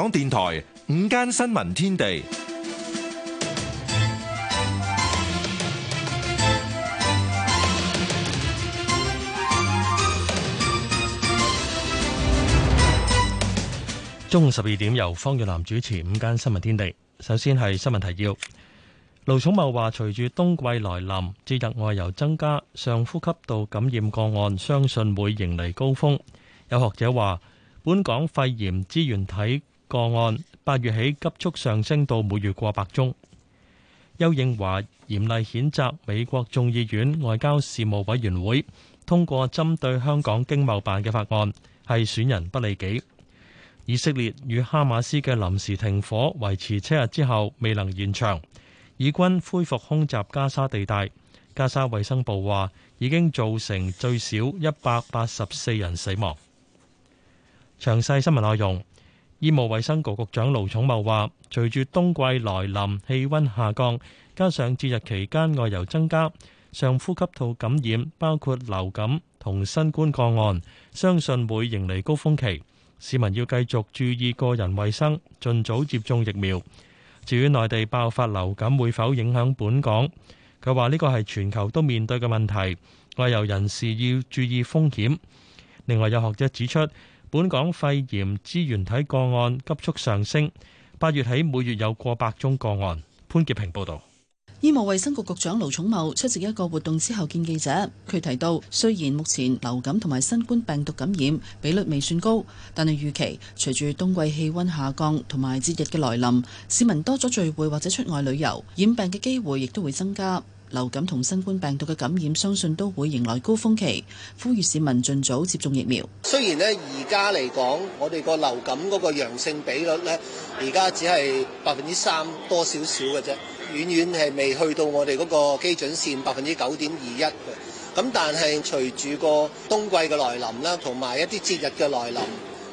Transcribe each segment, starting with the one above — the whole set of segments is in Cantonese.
港電台午間新聞天地，中午十二點由方若男主持《午間新聞天地》。首先係新聞提要。盧寵茂話，隨住冬季來臨，及外遊增加，上呼吸道感染個案相信會迎嚟高峰。有學者話，本港肺炎支原體。個案八月起急速上升到每月過百宗。邱應華嚴厲譴責美國眾議院外交事務委員會通過針對香港經貿辦嘅法案，係損人不利己。以色列與哈馬斯嘅臨時停火維持七日之後未能延長，以軍恢復空襲加沙地帶。加沙衛生部話已經造成最少一百八十四人死亡。詳細新聞內容。醫務衛生局局長盧寵茂話，隨住冬季來臨，氣溫下降，加上節日期間外遊增加，上呼吸道感染包括流感同新冠個案，相信會迎嚟高峰期。市民要繼續注意個人衛生，盡早接種疫苗。至於內地爆發流感會否影響本港？佢話呢個係全球都面對嘅問題，外遊人士要注意風險。另外，有學者指出。本港肺炎支原體個案急速上升，八月起每月有過百宗個案。潘潔平報道。醫務衛生局局長盧寵茂出席一個活動之後見記者，佢提到，雖然目前流感同埋新冠病毒感染比率未算高，但係預期隨住冬季氣溫下降同埋節日嘅來臨，市民多咗聚會或者出外旅遊，染病嘅機會亦都會增加。流感同新冠病毒嘅感染，相信都會迎來高峰期，呼籲市民盡早接種疫苗。雖然咧而家嚟講，我哋個流感嗰個陽性比率咧，是而家只係百分之三多少少嘅啫，遠遠係未去到我哋嗰個基準線百分之九點二一嘅。咁但係隨住個冬季嘅來臨啦，同埋一啲節日嘅來臨，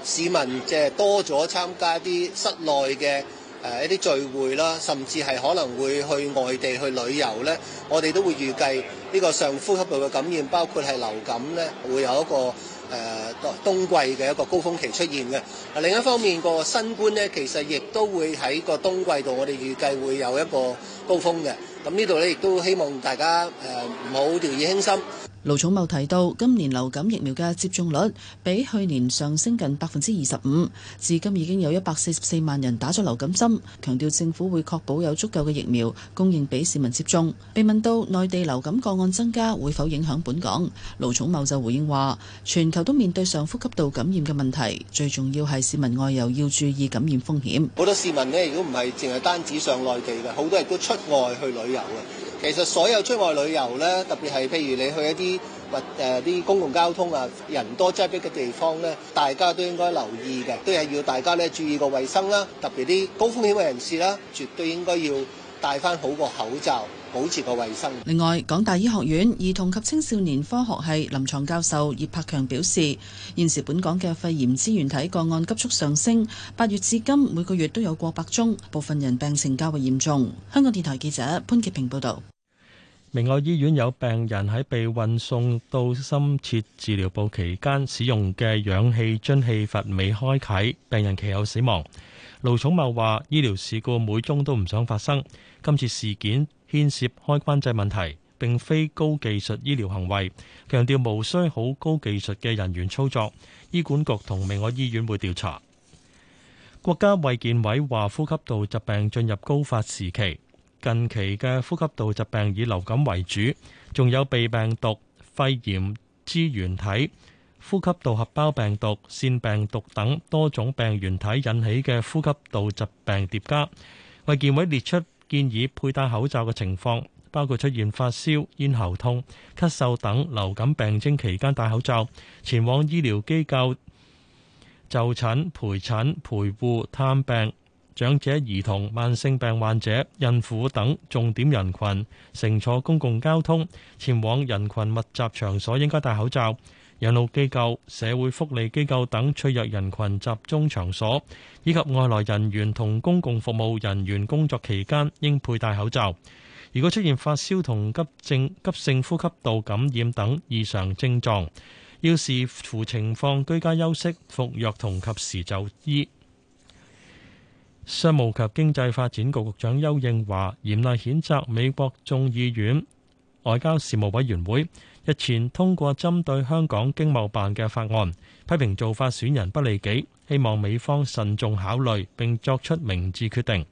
市民即係多咗參加一啲室內嘅。誒一啲聚會啦，甚至係可能會去外地去旅遊呢，我哋都會預計呢個上呼吸道嘅感染，包括係流感呢，會有一個誒、呃、冬季嘅一個高峰期出現嘅。另一方面，個新冠呢，其實亦都會喺個冬季度，我哋預計會有一個高峰嘅。咁呢度呢，亦都希望大家誒唔好掉以輕心。盧寵茂提到，今年流感疫苗嘅接種率比去年上升近百分之二十五，至今已經有一百四十四萬人打咗流感針。強調政府會確保有足夠嘅疫苗供應俾市民接種。被問到內地流感個案增加會否影響本港，盧寵茂就回應話，全球都面對上呼吸道感染嘅問題，最重要係市民外遊要注意感染風險。好多市民呢，如果唔係淨係單止上內地嘅，好多人都出外去旅遊嘅。其實所有出外旅遊咧，特別係譬如你去一啲或誒啲公共交通啊，人多擠逼嘅地方咧，大家都應該留意嘅，都係要大家咧注意個衛生啦、啊。特別啲高風險嘅人士啦、啊，絕對應該要戴翻好個口罩。保持個衛生。另外，港大醫學院兒童及青少年科學系臨床教授葉柏強表示，現時本港嘅肺炎支原體個案急速上升，八月至今每個月都有過百宗，部分人病情較為嚴重。香港電台記者潘潔平報導，明愛醫院有病人喺被運送到深切治療部期間使用嘅氧氣樽氣閥未開啓，病人其後死亡。盧寵茂話：醫療事故每宗都唔想發生，今次事件。牽涉開關制問題，並非高技術醫療行為，強調無需好高技術嘅人員操作。醫管局同明愛醫院會調查。國家衛健委話，呼吸道疾病進入高發時期，近期嘅呼吸道疾病以流感為主，仲有鼻病毒、肺炎支原體、呼吸道合胞病毒、腺病毒等多種病原體引起嘅呼吸道疾病疊加。衛健委列出。建議佩戴口罩嘅情況，包括出現發燒、咽喉痛、咳嗽等流感病徵期間戴口罩；前往醫療機構就診、陪診、陪護、探病、長者、兒童、慢性病患者、孕婦等重點人群，乘坐公共交通、前往人群密集場所應該戴口罩。養老機構、社會福利機構等脆弱人群集中場所，以及外來人員同公共服務人員工作期間，應佩戴口罩。如果出現發燒同急症、急性呼吸道感染等異常症狀，要視乎情況居家休息、服藥同及時就醫。商務及經濟發展局局長丘應樺嚴厲譴責美國眾議院外交事務委員會。日前通過針對香港經貿辦嘅法案，批評做法損人不利己，希望美方慎重考慮並作出明智決定。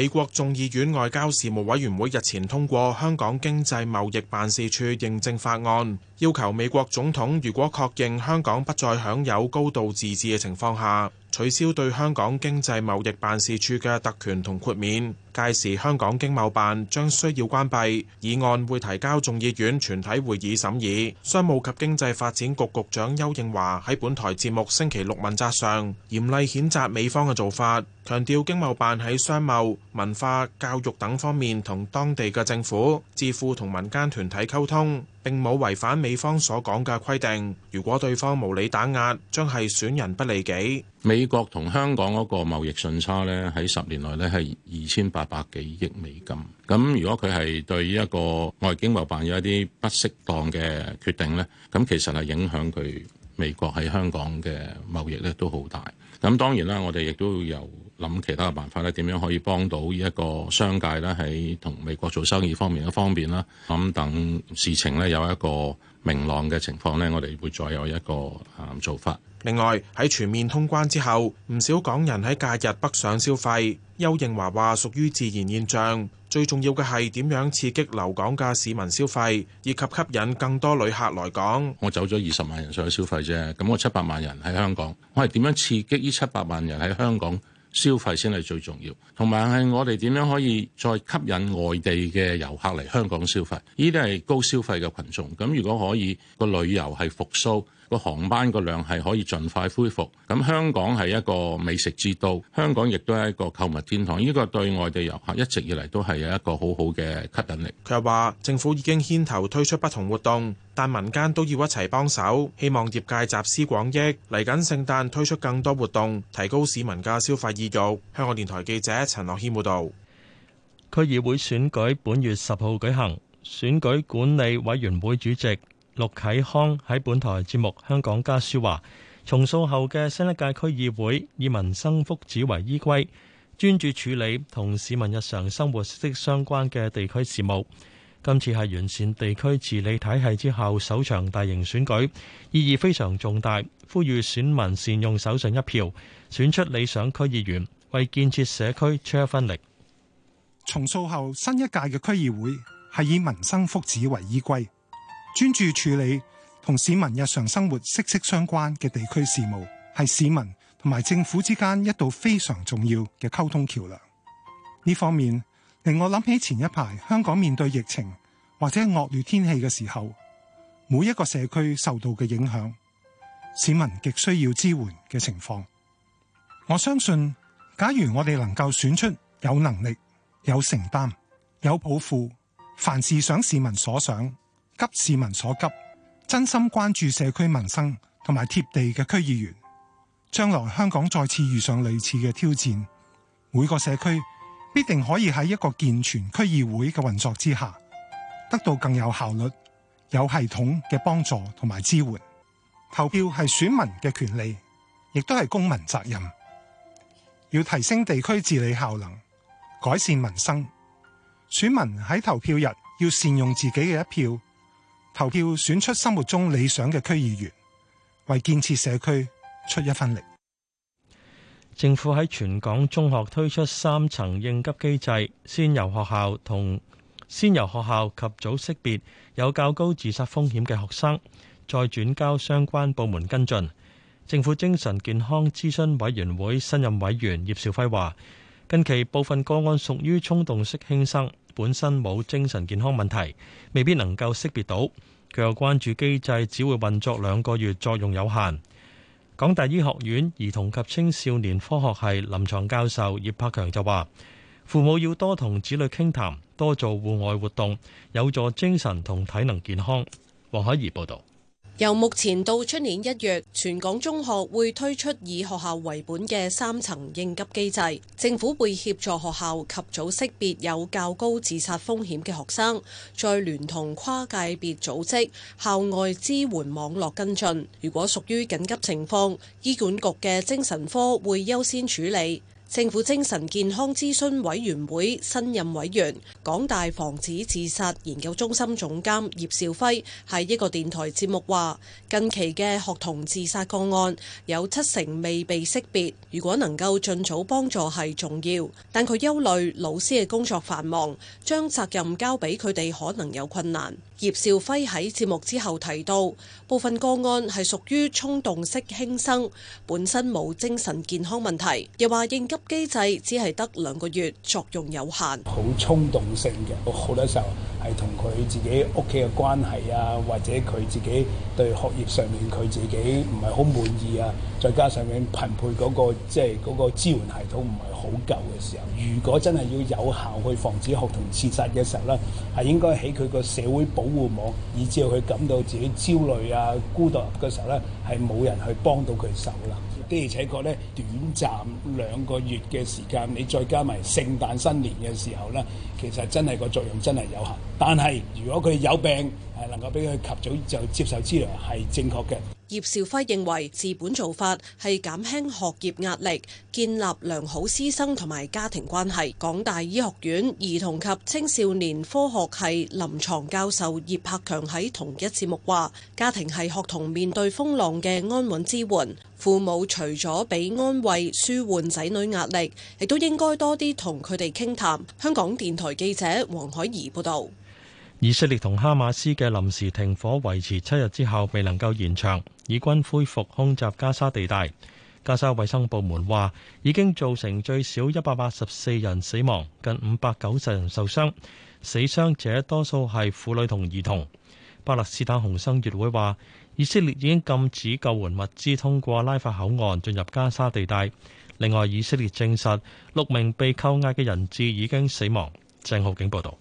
美國眾議院外交事務委員會日前通過香港經濟貿易辦事處認證法案，要求美國總統如果確認香港不再享有高度自治嘅情況下，取消對香港經濟貿易辦事處嘅特權同豁免，屆時香港經貿辦將需要關閉。議案會提交眾議院全體會議審議。商務及經濟發展局局長邱應華喺本台節目星期六問責上嚴厲譴責美方嘅做法。強調經貿辦喺商貿、文化、教育等方面同當地嘅政府、智庫同民間團體溝通，並冇違反美方所講嘅規定。如果對方無理打壓，將係損人不利己。美國同香港嗰個貿易順差咧，喺十年內咧係二千八百幾億美金。咁如果佢係對於一個外經貿辦有一啲不適當嘅決定咧，咁其實係影響佢美國喺香港嘅貿易咧都好大。咁當然啦，我哋亦都有，諗其他嘅辦法咧，點樣可以幫到呢一個商界咧，喺同美國做生意方面嘅方便啦？咁等事情咧有一個明朗嘅情況咧，我哋會再有一個啊做法。另外喺全面通關之後，唔少港人喺假日北上消費。邱應樺話：屬於自然現象，最重要嘅係點樣刺激留港嘅市民消費，以及吸引更多旅客來港。我走咗二十萬人上去消費啫，咁我七百萬人喺香港，我係點樣刺激呢七百萬人喺香港？消費先係最重要，同埋係我哋點樣可以再吸引外地嘅遊客嚟香港消費。呢啲係高消費嘅群眾，咁如果可以，個旅遊係復甦。個航班個量係可以盡快恢復。咁香港係一個美食之都，香港亦都係一個購物天堂。呢個對外地遊客一直以嚟都係有一個好好嘅吸引力。佢又話政府已經牽頭推出不同活動，但民間都要一齊幫手，希望業界集思廣益，嚟緊聖誕推出更多活動，提高市民嘅消費意欲。香港電台記者陳樂軒報道。區議會選舉本月十號舉行，選舉管理委員會主席陸啟康喺本台節目《香港家書》話：重塑後嘅新一屆區議會以民生福祉為依歸，專注處理同市民日常生活息息相關嘅地區事務。今次係完善地區治理體系之後首場大型選舉，意義非常重大。呼籲選民善用手上一票，選出理想區議員，為建設社區出一分力。重塑後，新一屆嘅區議會係以民生福祉為依歸。專注處理同市民日常生活息息相關嘅地區事務，係市民同埋政府之間一道非常重要嘅溝通橋樑。呢方面令我諗起前一排香港面對疫情或者惡劣天氣嘅時候，每一個社區受到嘅影響，市民極需要支援嘅情況。我相信，假如我哋能夠選出有能力、有承擔、有抱負，凡事想市民所想。急市民所急，真心關注社區民生同埋貼地嘅區議員。將來香港再次遇上類似嘅挑戰，每個社區必定可以喺一個健全區議會嘅運作之下，得到更有效率、有系統嘅幫助同埋支援。投票係選民嘅權利，亦都係公民責任。要提升地區治理效能，改善民生，選民喺投票日要善用自己嘅一票。投票選出生活中理想嘅區議員，為建設社區出一分力。政府喺全港中學推出三層應急機制，先由學校同先由學校及早識別有較高自殺風險嘅學生，再轉交相關部門跟進。政府精神健康諮詢委員會新任委員葉兆輝話，近期部分個案屬於衝動式輕生。本身冇精神健康問題，未必能夠識別到。佢又關注機制只會運作兩個月，作用有限。港大醫學院兒童及青少年科學系臨床教授葉柏強就話，父母要多同子女傾談，多做戶外活動，有助精神同體能健康。黃海怡報道。由目前到出年一月，全港中學會推出以學校為本嘅三層應急機制。政府會協助學校及早識別有較高自殺風險嘅學生，再聯同跨界別組織校外支援網絡跟進。如果屬於緊急情況，醫管局嘅精神科會優先處理。政府精神健康諮詢委員會新任委員、港大防止自殺研究中心總監葉兆輝喺一個電台節目話，近期嘅學童自殺個案有七成未被識別，如果能夠盡早幫助係重要，但佢憂慮老師嘅工作繁忙，將責任交俾佢哋可能有困難。葉兆輝喺節目之後提到，部分個案係屬於衝動式輕生，本身冇精神健康問題，又話應急機制只係得兩個月，作用有限。好衝動性嘅，好多時候。係同佢自己屋企嘅關係啊，或者佢自己對學業上面佢自己唔係好滿意啊，再加上面貧配嗰個即係嗰個支援系統唔係好夠嘅時候，如果真係要有效去防止學童自殺嘅時候咧，係應該喺佢個社會保護網，以至佢感到自己焦慮啊、孤獨嘅時候咧，係冇人去幫到佢手啦。的而且確咧，短暫兩個月嘅時間，你再加埋聖誕新年嘅時候咧，其實真係個作用真係有限。但係如果佢有病，係能夠俾佢及早就接受治療係正確嘅。葉兆輝認為治本做法係減輕學業壓力，建立良好師生同埋家庭關係。港大醫學院兒童及青少年科學系臨床教授葉柏強喺同一節目話，家庭係學童面對風浪嘅安穩支援，父母除咗俾安慰、舒緩仔女壓力，亦都應該多啲同佢哋傾談。香港電台記者黃海怡報道。以色列同哈馬斯嘅臨時停火維持七日之後未能夠延長，以軍恢復空襲加沙地帶。加沙衛生部門話已經造成最少一百八十四人死亡，近五百九十人受傷，死傷者多數係婦女同兒童。巴勒斯坦紅新月會話，以色列已經禁止救援物資通過拉法口岸進入加沙地帶。另外，以色列證實六名被扣押嘅人質已經死亡。鄭浩景報道。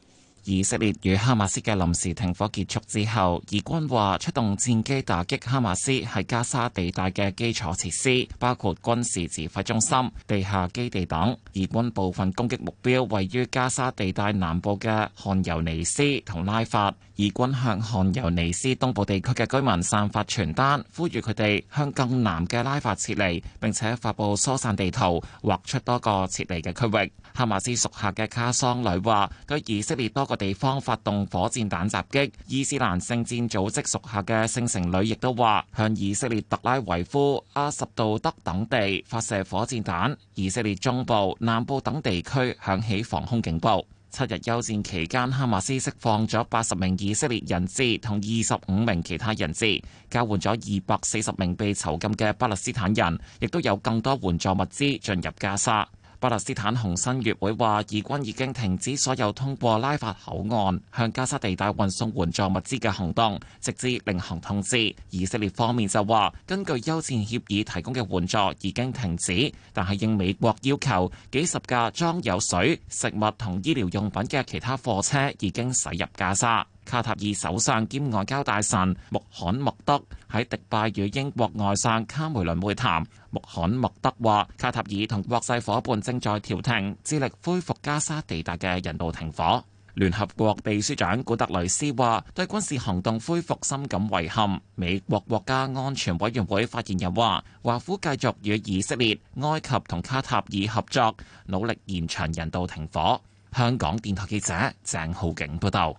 以色列與哈馬斯嘅臨時停火結束之後，以軍話出動戰機打擊哈馬斯喺加沙地帶嘅基礎設施，包括軍事指揮中心、地下基地等。以軍部分攻擊目標位於加沙地帶南部嘅汗尤尼斯同拉法。以軍向汗尤尼斯東部地區嘅居民散發傳單，呼籲佢哋向更南嘅拉法撤離，並且發布疏散地圖，劃出多個撤離嘅區域。哈馬斯屬下嘅卡桑旅話：對以色列多個地方發動火箭彈襲擊，伊斯蘭聖戰組織屬下嘅聖城旅亦都話向以色列特拉維夫、阿什杜德等地發射火箭彈。以色列中部、南部等地區響起防空警報。七日休戰期間，哈馬斯釋放咗八十名以色列人質同二十五名其他人質，交換咗二百四十名被囚禁嘅巴勒斯坦人，亦都有更多援助物資進入加沙。巴勒斯坦紅新月會話，以軍已經停止所有通過拉法口岸向加沙地帶運送援助物資嘅行動，直至另行通知。以色列方面就話，根據休戰協議提供嘅援助已經停止，但係應美國要求，幾十架裝有水、食物同醫療用品嘅其他貨車已經駛入加沙。卡塔爾首相兼外交大臣穆罕默德喺迪拜與英國外相卡梅倫會談。穆罕默德話：卡塔爾同國際夥伴正在調停，致力恢復加沙地帶嘅人道停火。聯合國秘書長古特雷斯話：對軍事行動恢復深感遺憾。美國國家安全委員會發言人話：華府繼續與以色列、埃及同卡塔爾合作，努力延長人道停火。香港電台記者鄭浩景報道。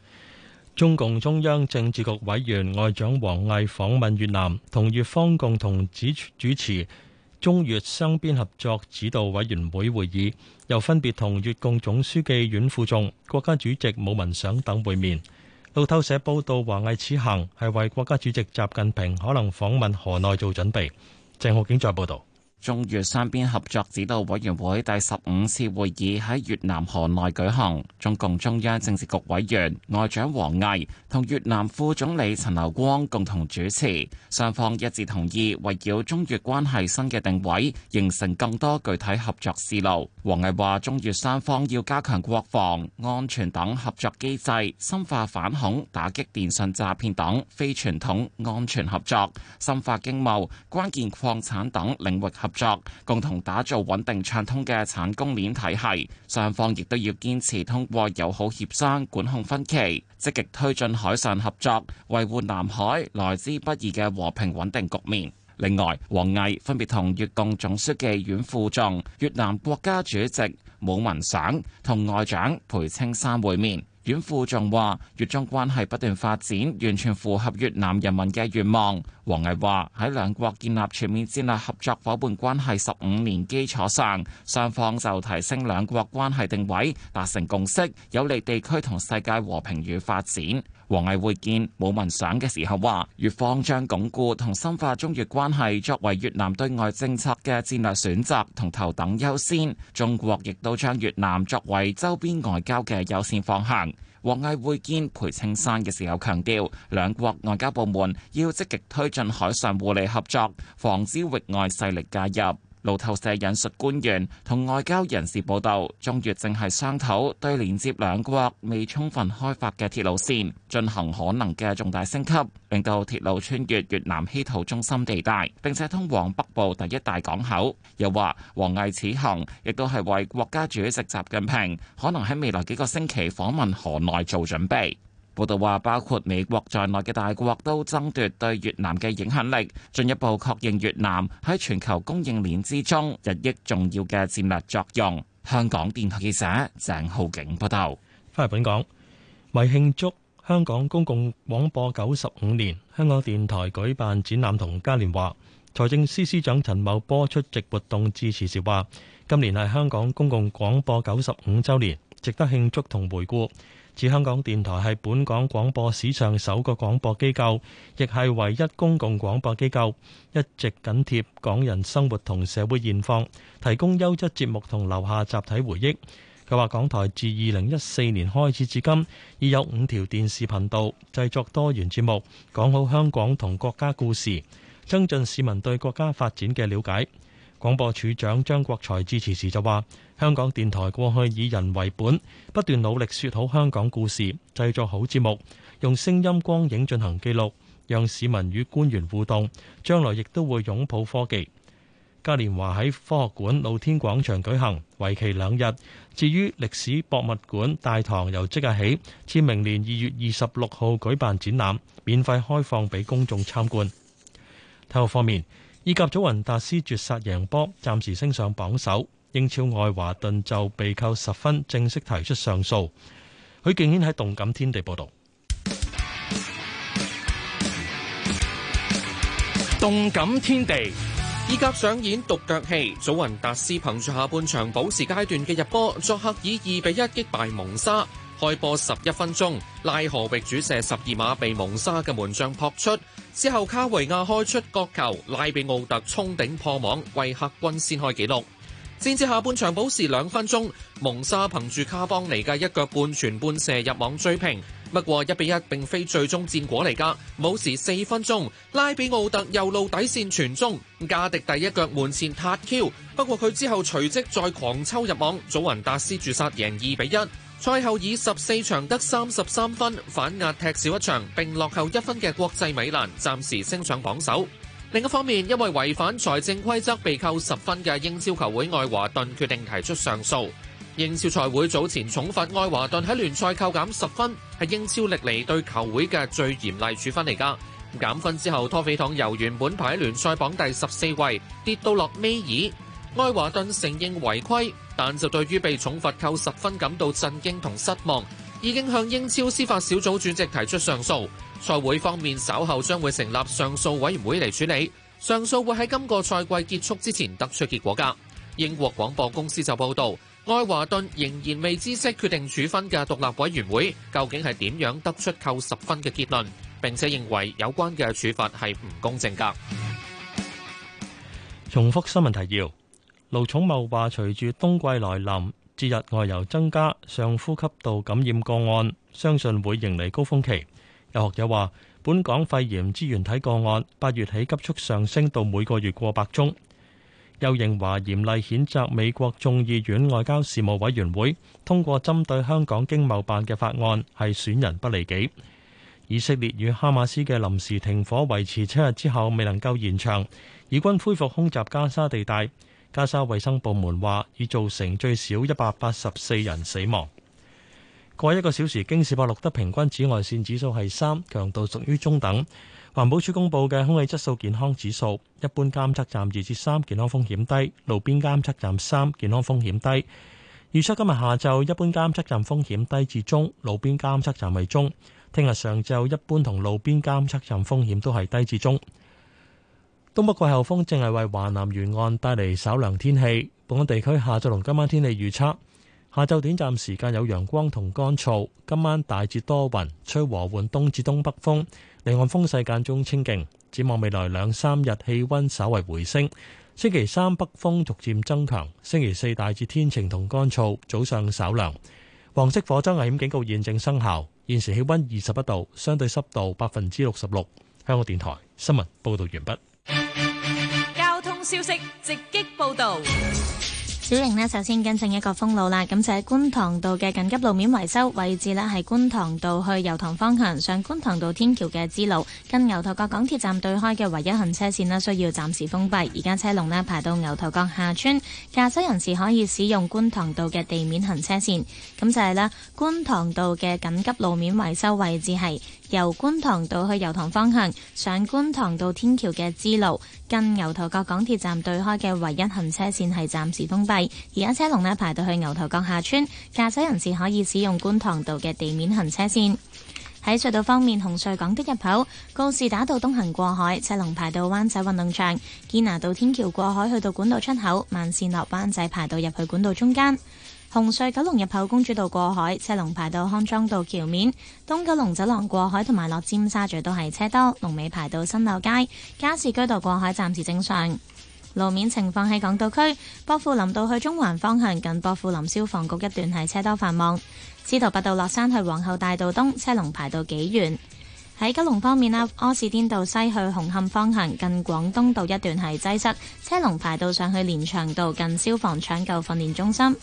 中共中央政治局委員外長王毅訪問越南，同越方共同主主持中越雙邊合作指導委員會會議，又分別同越共總書記阮富仲、國家主席武文祥等會面。路透社報道，王毅此行係為國家主席習近平可能訪問河內做準備。鄭浩景再報道。中越雙邊合作指導委員會第十五次會議喺越南河內舉行，中共中央政治局委員、外長王毅同越南副總理陳流光共同主持。雙方一致同意圍繞中越關係新嘅定位，形成更多具體合作思路。王毅話：中越雙方要加強國防安全等合作機制，深化反恐、打擊電信詐騙等非傳統安全合作，深化經貿、關鍵礦產等領域合合作，共同打造穩定暢通嘅產供鏈體系。雙方亦都要堅持通過友好協商管控分歧，積極推進海上合作，維護南海來之不易嘅和平穩定局面。另外，王毅分別同越共總書記阮富仲、越南國家主席武文賞同外長裴青山會面。阮富仲話：越中關係不斷發展，完全符合越南人民嘅願望。王毅話：喺兩國建立全面戰略合作夥伴關係十五年基礎上，雙方就提升兩國關係定位達成共識，有利地區同世界和平與發展。王毅會見武文賞嘅時候話，越方將鞏固同深化中越關係作為越南對外政策嘅戰略選擇同頭等優先，中國亦都將越南作為周邊外交嘅優先方向。王毅會見裴青山嘅時候強調，兩國外交部門要積極推進海上互利合作，防止域外勢力介入。路透社引述官員同外交人士報道，中越正係商討對連接兩國未充分開發嘅鐵路線進行可能嘅重大升級，令到鐵路穿越越南稀土中心地帶，並且通往北部第一大港口。又話王毅此行亦都係為國家主席習近平可能喺未來幾個星期訪問河內做準備。報道話，包括美國在內嘅大國都爭奪對越南嘅影響力，進一步確認越南喺全球供應鏈之中日益重要嘅戰略作用。香港電台記者鄭浩景報道。翻嚟本港，為慶祝香港公共廣播九十五年，香港電台舉辦展覽同嘉年華。財政司司長陳茂波出席活動致辭時話，今年係香港公共廣播九十五周年，值得慶祝同回顧。自香港電台係本港廣播史上首個廣播機構，亦係唯一公共廣播機構，一直緊貼港人生活同社會現況，提供優質節目同留下集體回憶。佢話，港台自二零一四年開始至今，已有五條電視頻道製作多元節目，講好香港同國家故事，增進市民對國家發展嘅了解。廣播處長張國財致辭時就話：香港電台過去以人為本，不斷努力說好香港故事，製作好節目，用聲音、光影進行記錄，讓市民與官員互動。將來亦都會擁抱科技。嘉年華喺科學館露天廣場舉行，為期兩日。至於歷史博物館大堂，由即日起至明年二月二十六號舉辦展覽，免費開放俾公眾參觀。體育方面。意甲祖雲達斯絕殺贏波，暫時升上榜首。英超愛華頓就被扣十分，正式提出上訴。許敬軒喺動感天地報道。動感天地，意甲上演獨腳戲。祖雲達斯憑住下半場補時階段嘅入波，作客以二比一擊敗蒙沙。開波十一分鐘，拉荷域主射十二碼被蒙沙嘅門將撲出之後，卡維亞開出角球，拉比奧特衝頂破網，為客軍先開紀錄。戰至下半場補時兩分鐘，蒙沙憑住卡邦尼嘅一腳半傳半射入網追平。不過一比一並非最終戰果嚟噶，補時四分鐘，拉比奧特右路底線傳中，加迪第一腳門前撻 Q，不過佢之後隨即再狂抽入網，祖雲達斯注殺贏二比一。賽後以十四場得三十三分反壓踢少一場，並落後一分嘅國際米蘭暫時升上榜首。另一方面，因為違反財政規則被扣十分嘅英超球會愛華頓決定提出上訴。英超賽會早前重罰愛華頓喺聯賽扣減十分，係英超歷嚟對球會嘅最嚴厲處分嚟㗎。減分之後，拖肥糖由原本排喺聯賽榜第十四位跌到落尾二。愛華頓承認違規，但就對於被重罰扣十分感到震驚同失望，已經向英超司法小組主席提出上訴。賽會方面稍後將會成立上訴委員會嚟處理，上訴會喺今個賽季結束之前得出結果噶。英國廣播公司就報道，愛華頓仍然未知悉決定處分嘅獨立委員會究竟係點樣得出扣十分嘅結論，並且認為有關嘅處罰係唔公正噶。重複新聞提要。盧寵茂話，隨住冬季來臨，節日外遊增加，上呼吸道感染個案相信會迎嚟高峰期。有學者話，本港肺炎支原體個案八月起急速上升到每個月過百宗。丘應樺嚴厲譴責美國眾議院外交事務委員會通過針對香港經貿辦嘅法案，係損人不利己。以色列與哈馬斯嘅臨時停火維持七日之後，未能夠延長，以軍恢復空襲加沙地帶。加沙衛生部門話，已造成最少一百八十四人死亡。過一個小時，京士柏錄得平均紫外線指數係三，強度屬於中等。環保署公布嘅空氣質素健康指數，一般監測站二至三，健康風險低；路邊監測站三，健康風險低。預測今日下晝一般監測站風險低至中，路邊監測站為中。聽日上晝一般同路邊監測站風險都係低至中。東北季候風正係為華南沿岸帶嚟稍涼天氣。本港地區下晝同今晚天氣預測：下晝短暫時間有陽光同乾燥，今晚大致多雲，吹和緩東至東北風，離岸風勢間中清勁。展望未來兩三日氣溫稍為回升。星期三北風逐漸增強，星期四大致天晴同乾燥，早上稍涼。黃色火災危險警告現正生效，現時氣溫二十一度，相對濕度百分之六十六。香港電台新聞報道完畢。消息直擊報道，小玲呢，首先跟進一個封路啦。咁就喺觀塘道嘅緊急路面維修位置呢係觀塘道去油塘方向上觀塘道天橋嘅支路，跟牛頭角港鐵站對開嘅唯一行車線呢需要暫時封閉。而家車龍呢排到牛頭角下村，駕駛人士可以使用觀塘道嘅地面行車線。咁就係啦，觀塘道嘅緊急路面維修位置係。由觀塘道去油塘方向，上觀塘道天橋嘅支路，近牛頭角港鐵站對開嘅唯一行車線係暫時封閉，而家車龍呢排到去牛頭角下村，駕駛人士可以使用觀塘道嘅地面行車線。喺隧道方面，紅隧港的入口告士打道東行過海，車龍排到灣仔運動場；堅拿道天橋過海去到管道出口，慢線落灣仔排到入去管道中間。紅隧九龍入口，公主道過海，車龍排到康莊道橋面，東九龍走廊過海同埋落尖沙咀都係車多，龍尾排到新柳街。加士居道過海暫時正常。路面情況喺港島區，薄扶林道去中環方向近薄扶林消防局一段係車多繁忙。司徒拔道落山去皇后大道東車龍排到幾遠。喺九龍方面啦，柯士甸道西去紅磡方向近廣東道一段係擠塞，車龍排到上去連翔道近消防搶救訓練中心。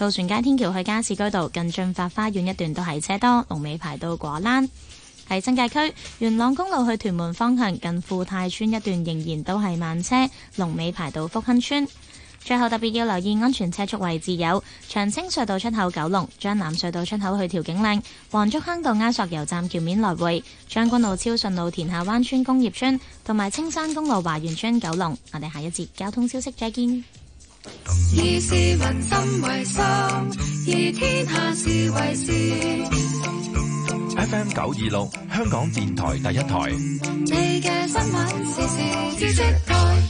渡船街天橋去加士居道、近駿發花園一段都係車多，龍尾排到果欄。喺新界區，元朗公路去屯門方向、近富泰村一段仍然都係慢車，龍尾排到福亨村。最後特別要留意安全車速位置有：長青隧道出口九龍、將藍隧道出口去調景嶺、黃竹坑道埃索油站橋面來回、將軍路超順路田下灣村工業村同埋青山公路華園村九龍。我哋下一節交通消息再見。以市民心為心，以天下事為事。F M 九二六香港電台第一台。 你嘅新聞時事知識台。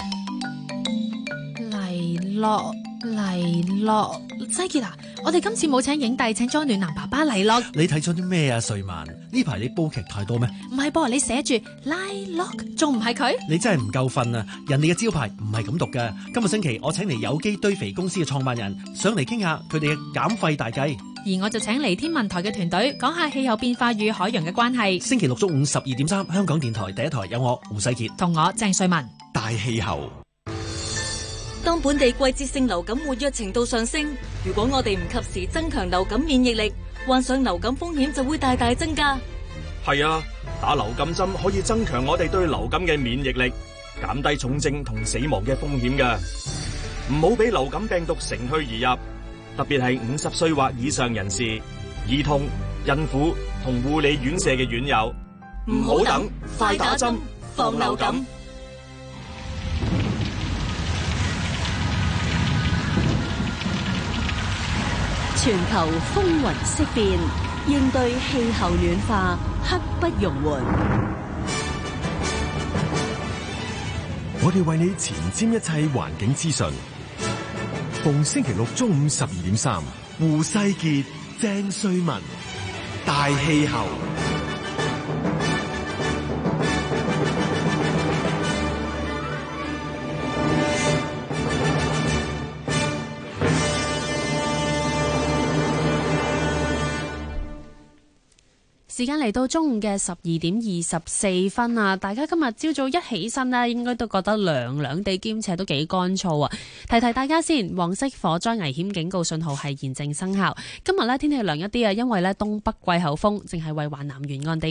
黎樂。 黎洛，西杰啊！我哋今次冇請影帝，請莊暖男爸爸黎洛。你睇咗啲咩啊？瑞文，呢排你煲劇太多咩？唔係噃，你寫住 Lie Lock，仲唔係佢？你真係唔夠瞓啊！人哋嘅招牌唔係咁讀㗎。今個星期我請嚟有機堆肥公司嘅創辦人，上嚟傾下佢哋嘅減廢大計。而我就請嚟天文台嘅團隊，講下氣候變化與海洋嘅關係。星期六中午十二點三，香港電台第一台有我胡世杰，同我鄭瑞文，大氣候。當本地季節性流感活躍程度上升，如果我哋唔及時增強流感免疫力，患上流感風險就會大大增加。係啊，打流感針，可以增強我哋對流感嘅免疫力，減低重症同死亡嘅風險嘅。唔好畀流感病毒乘虛而入，特別係全球風雲色變，應對氣候暖化，刻不容緩。我哋為你前瞻一切環境資訊，逢星期六中午十二點三，胡世杰、鄭瑞文，大氣候。時間嚟到中午嘅十二點二十四分啊！大家今日朝早一起身咧，應該都覺得涼涼地，兼且都幾乾燥啊！提提大家先，黃色火災危險警告信號係現正生效。今日咧，天氣涼一啲啊，因為咧，東北季候風淨係為華南沿岸地。